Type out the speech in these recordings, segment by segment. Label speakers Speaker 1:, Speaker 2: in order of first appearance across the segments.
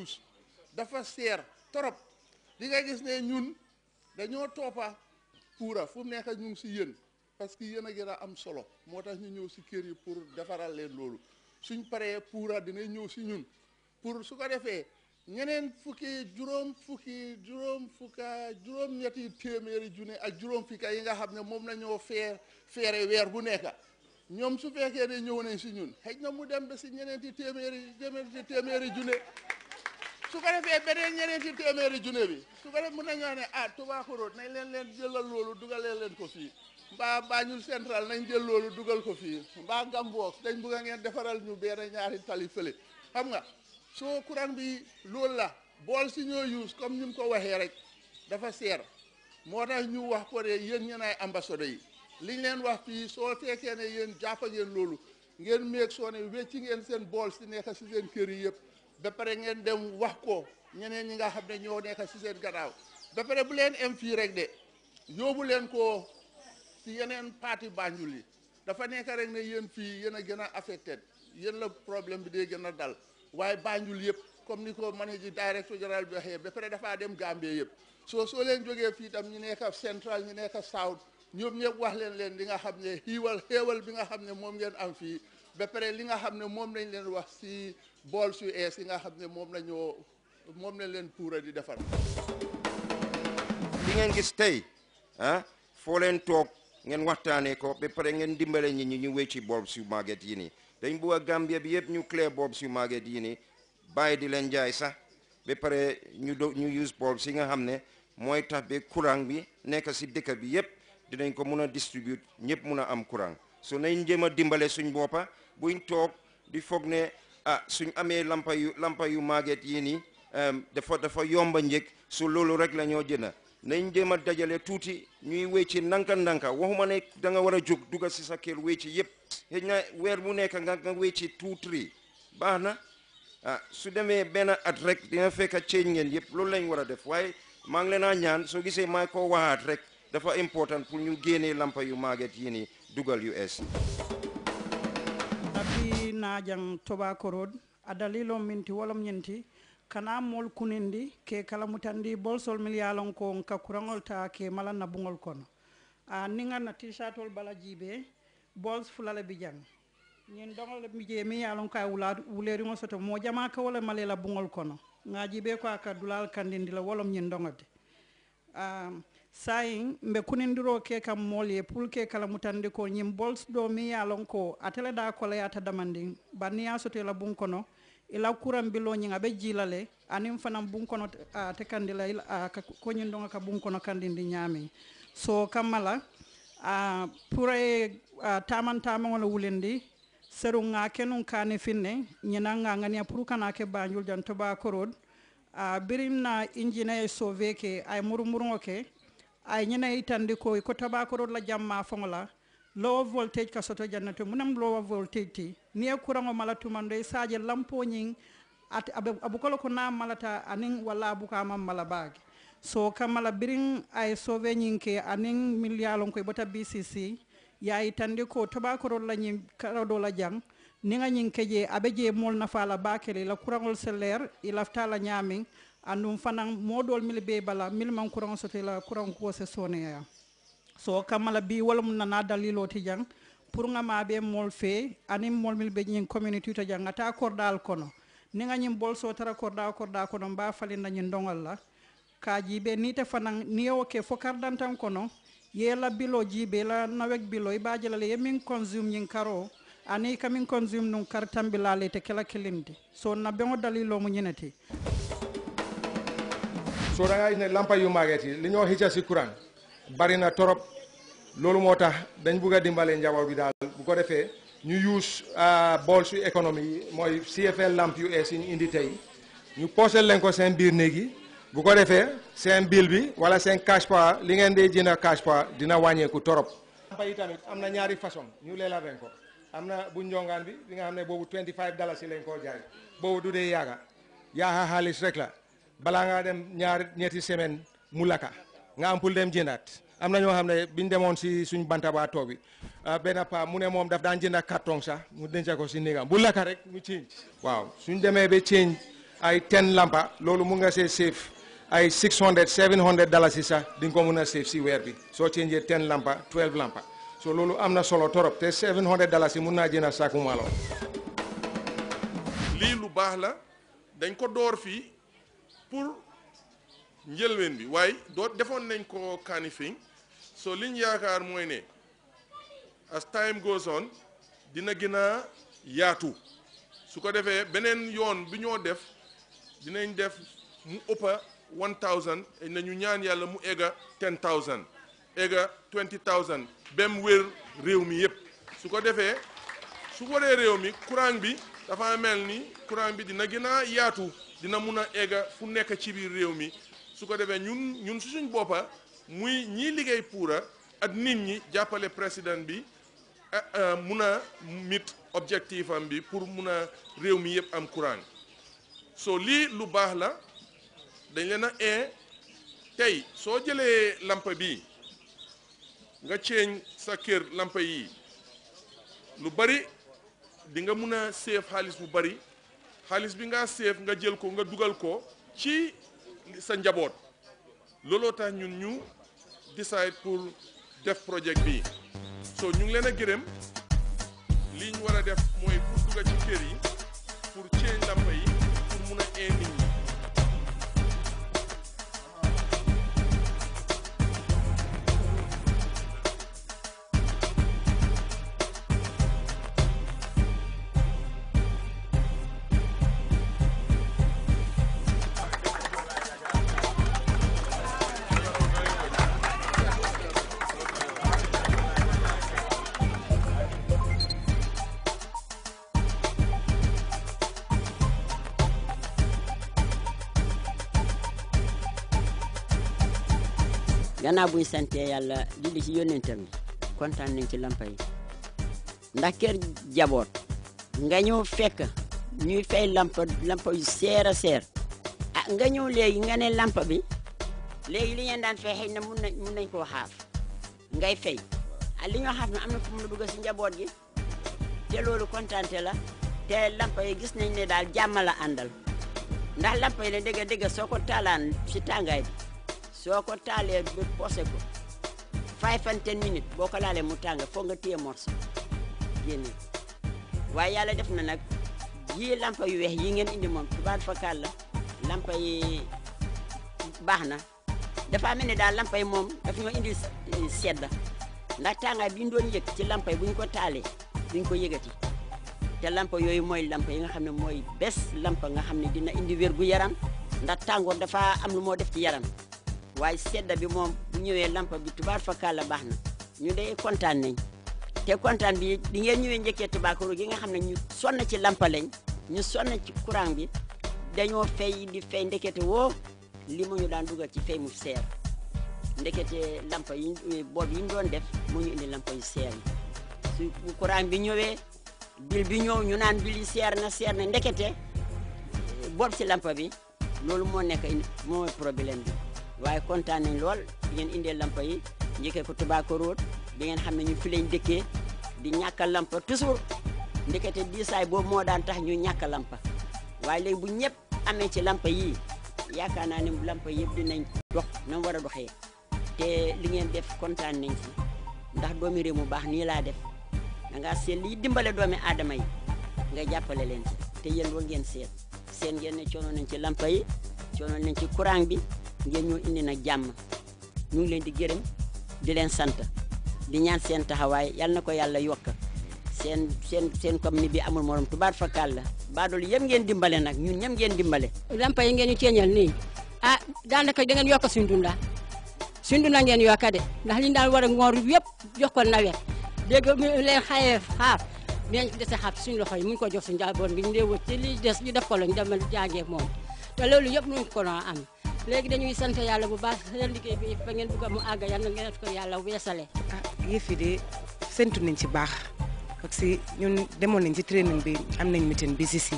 Speaker 1: douze dafa seer trop li nga gis ne ñun dañoo toopa puura fu nekk ñu ngi si yéen parce que yéen a gën a am solo moo tax ñu ñëw si kër yi pour defaral leen loolu suñ paree puura dina ñëw si ñun pour su ko defee ñeneen fukki juróom fukki juróom fukka juróom ñetti téeméeri junne ak juróom fukka yi nga xam ne moom la ñoo feer feere weer bu nekka ñoom su fekkee ne ñëw nañ si ñun xëj na mu dem ba si ñeneenti téeméeri téeméeri junne su ko defee beneen ñeneen ci téeméeri junne bi su ko def mën nañoo ne ah Toubacourou nañ leen leen jël jëlal loolu dugalee leen ko fii mbaa ñu Central nañ jël loolu dugal ko fii mbaa Gamboos dañ bëgg a ngeen defaral ñu benn ñaari tali fële xam nga soo courant bi loolu la bool si ñoo use comme ni mu ko waxee rek dafa seer moo tax ñu wax ko de yéen ñeen ay yi liñ leen wax fii soo teekee ne yéen jàpp ngeen loolu ngeen méeg soo ne wecci ngeen seen bool si nekk si seen kër yi yëpp ba pare ngeen dem wax ko ñeneen ñi nga xam ne ñoo nekk si seen gannaaw ba pare bu leen em fii rek de yóbbu leen ko si yeneen parti Banjul yi dafa nekk rek ne yéen fii yéen a gën a affecté yéen la problème bi dee gën a dal waaye Banjul yëpp comme ni ko manager directeur général bi waxee ba pare dafaa dem Gambie yëpp soo soo leen jógee fii tam ñu nekk central ñu nekk south ñoom ñëpp wax leen leen li nga xam ne xiiwal xéewal bi nga xam ne moom ngeen am fii ba pare li nga xam ne moom lañ leen wax si bool su ees nga xam ne moom la moom lañ leen puura di defar
Speaker 2: li ngeen gis tey ah foo leen toog ngeen waxtaanee ko ba pare ngeen dimbale ñi ñi ñu wecci bool su màgget yi nii dañ bëgg a Gambia yëpp ñu clé bool su màgget yi nii bàyyi di leen jaay sax ba pare ñu do ñu use si nga xam ne mooy tax ba courant bi nekk si dëkk bi yëpp dinañ ko mun a distribute ñëpp mun a am courant su nañ jéem a dimbale suñ boppa bu ñu toog di foog ne ah suñ amee lampa yu lampa yu màgget yii nii ehm, dafa dafa yomba njëkk su loolu rek la ñoo jënd nañ jéem a dajale tuuti ñuy wecci nanka nanka waxuma ne da nga war a jóg dugal si sa kër wecci yëpp xëy na weer bu nekk nga nga wecci tuutri baax na ah su demee benn at rek dina fekk a change ngeen yëpp loolu lañ war a def waaye maa ngi leen a ñaan soo gisee maa ko waxaat rek dafa important pour ñu génnee lampa yu màgget yii nii dugal US
Speaker 3: abi najang tobacco road adalilo minti wolom nyenti kana mol kunindi ke kala mutandi bolsol milyalon ko nka kurangol ta ke mala nabungol kono a ninga na tishatol bala jibe bols fulala bijang ñin dongol mi je mi yalon ka wulad wuleri ngo soto mo jama ka wala malela bungol kono ngaji be ko aka dulal kandindi la wolom ñin dongote um, sayin mbe kunindiro ke kam mool ye pul ke kala mutande ko nyim bols do mi ya lon ko atele da kola yata damandin banni ya soto la bun kono ila kuran bilo ñinga be jilale anim fanam bun kono te kandila ko ñin donga ka bun kono kandindi nyami so kamala a pour taman taman wala wulindi seru nga kenun kane finne nyina nga ngania pour kana ke banjul jan toba korod a birim injine so veke ke ay murumurugo ke ay ñene itande koy ko tabakoro la jamma fongola low voltage ka soto jannato munam low voltage ti ni e courant o mala tuma ndey saaje lampo ñin abu kolo ko na malata anin wala abu ka mam mala baage so kamala birin ay sauve ñin ke anin milliyalon koy bota bcc ya itande ko tabakoro la ñin karo do la jang ni nga ñin ke je abe je mol nafa la baakele la courant o solaire ilafta la ñaamin andum fanan modol mil be bala mil man kuran so tela kuran ko se soneya so kamala bi walum mun nana dalilo ti jang pour nga maɓe mol fe anin mol mil be ñin community ta jang ata kordal kono ni nga ñin bol so tara korda korda kono fali na nañin dongal la ka jibe ni te fanan ni yo ke fo kardantan kono ye la bilo jibe la nawek bilo ba jala le min consume ñin karo ani kamin consume nun kar tambilale te kala kilindi so na be mo dalilo mu ñinati
Speaker 2: soo dangay ne lampa yu màgget yi li ñoo xicca si courant bari na torop loolu moo tax dañ bugg a dimbale njaboot bi daal bu ko defee ñu use euh, bool su économie yi mooy CFL lamp yu ees yi indi tey ñu poosel leen ko seen biir néegi yi bu ko defee seen biil bi wala seen cash power li ngeen dee jënd cash dina wàññeeku torop lampa yi tamit am na ñaari façon ñu leela leen ko am na bu njongaan bi bi nga xam ne boobu 25 dollars si lañ koo jaay boobu du dee yaaga yaaxa xaalis la balaa ngaa dem ñaar ñetti semaine mu lakka nga am pour dem jëndaat am na ñoo xam ne biñ demoon si suñ bantaba toobi ah, benn pa mu ne moom daf daan jënda carton sax mu denca ko si néegam bu lakka rek ñu change waaw suñ demee ba change ay ten lampa loolu mun nga see safe ay 600 700 dollars si sax di ko mën a safe si weer bi soo changee ten lampa 12 lampa so loolu am na solo torop te dala si mun naa jënd saaku maalo
Speaker 4: lii lu baax la dañ ko door fii pour njëlbeen bi waaye doo defoon nañ ko kaani Kanifing so liñ yaakaar mooy ne as time goes on dina gën yaatu su ko defee beneen yoon bi ñoo def dinañ def mu ëppa one thousand nañu ñaan yàlla mu egga ten thousand egga twenty thousand bem wér réew mi yëpp su ko defee su waree réew mi courant bi dafa mel ni courant bi dina gën yaatu dina mun a egga fu nekk ci biir réew mi su ko defee ñun ñun suñ boppa muy ñii liggéey puura ak nit ñi jàppale président bi mun a mit objectif am bi pour mun a réew mi yëpp am courant soo lii lu baax la dañ leen a ee tey soo jëlee lampa bi nga ceeñ sa kër lampa yi lu bari di nga mun a seef xaalis bu bari xaalis bi nga séef nga jël ko nga dugal ko ci sa njaboot looloo tax ñun ñu decide pour def projet bi so ñu ngi leen a gërëm li ñu war a def mooy pour dugga ci kër yi pour change lampa yi pour mun a een nit
Speaker 5: gannaaw buñ santee yàlla julli ci yónnentam bi kontaan nañ ci lampa yi ndax kër jaboot nga ñëw fekk ñuy fay lampa lampa yu seer a ah, nga ñëw léegi nga ne lampa bi léegi li ngeen daan fay xëy na mun nañ mun nañ koo xaaf ngay fey ah li ñoo xaaf na am na fu mu la dugg si njaboot gi te loolu kontaante la te lampa yi gis nañ ne daal jàmm a àndal ndax lampa yi la dégg dégg soo ko taalaan si tàngaay bi soo ko taalee ba posé ko five and ten minutes boo ko laalee mu tàng foog nga téye morso génne waaye yàlla def na nag yii lampa yu weex yi ngeen indi moom tubaab fakkaat la lampa yi baax na dafa mel ne daal lampa yi moom daf ñoo indi sedd ndax tàngaay bi ñu doon yëg ci lampa yi bu ñu ko taalee duñ ko yëgati te lampa yooyu mooy lampa yi nga xam ne mooy bés lampa nga xam ne dina indi wér gu yaram ndax tàngoor dafa am lu moo def ci yaram waaye sedda bi moom bu ñëwee lampa bi tubaar fakkaat la baax na ñu dee kontaan nañ te kontaan bi di ngeen ñëwee njëkkee Tubaakuru gi nga xam ne ñu sonn ci lampa lañ ñu sonn ci courant bi dañoo fay di fay ndekete woo li mu ñu daan dugal ci fay mu seer ndekete lampa yi boobu yi ñu doon def mu indi lampa yi su courant bi ñëwee bil bi ñëw ñu naan bil yi na seer na ndekete boobu si lampa bi loolu moo nekk indi problème bi. waaye kontaan nañ lool bi ngeen indee lampa yi njëkkee ko Tobacco Road bi ngeen xam ne ñu fi lañ dëkkee di ñàkk a lampa toujours ndekete diisaay boobu moo daan tax ñu ñàkk a lampa waaye léegi bu ñëpp amee ci lampa yi yaakaar naa ne lampa yëpp dinañ dox na mu war a doxee te li ngeen def contane nañ ci ndax doomi réew mu baax nii laa def da ngaa seet liy dimbale doomi aadama yi nga jàppale leen te yéen woo ngeen seet seen ngeen ne coono nañ ci lampa yi coono nañ ci courant bi ngeen ñoo indi nag jàmm ñu ngi leen di gërëm di leen sant di ñaan seen taxawaay yal na ko yàlla yokk seen seen seen comme ni bi amul morom tubaar fakkaal la baadoolu yem ngeen dimbale nag ñun ñëpp ngeen dimbale. lampa yi ngeen ñu ceeñal nii ah daanaka da ngeen yokk suñu dunda suñu dunda ngeen yokk de ndax liñ daan war a ngoor yëpp jox ko nawet dégg leen xayee xaar dinañ dese xaar suñu loxo yi muñ ko jox suñu jaaboon bi ñu dee wër te li des ñu def ko lañ demal jaagee moom te loolu yëpp ñu ko doon am. léegi dañuy sant yàlla bu baax seen liggéey bi ba ngeen bugg a mu àgg yal na ngeen ko yàlla weesale. ah
Speaker 3: yëf yi de séntu nañ ci baax parce que ñun demoon nañ ci training bi am nañ meeting bi si si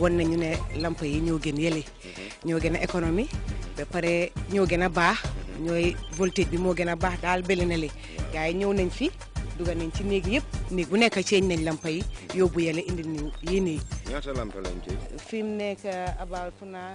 Speaker 3: wan nañu ne lamp yi ñoo gën yële.
Speaker 4: Mhm.
Speaker 3: ñoo gën a économie ba pare ñoo gën a baax. Mhm. ñooy voltage bi moo gën a baax daal bële na le gars yi ñëw nañ fi dugal nañ ci néeg yëpp néeg bu nekk ceeñ nañ lampa yi yóbbu yële indi ñu yéen
Speaker 2: ñaata lampa lañ ci.
Speaker 3: fi mu nekk uh, about fu uh,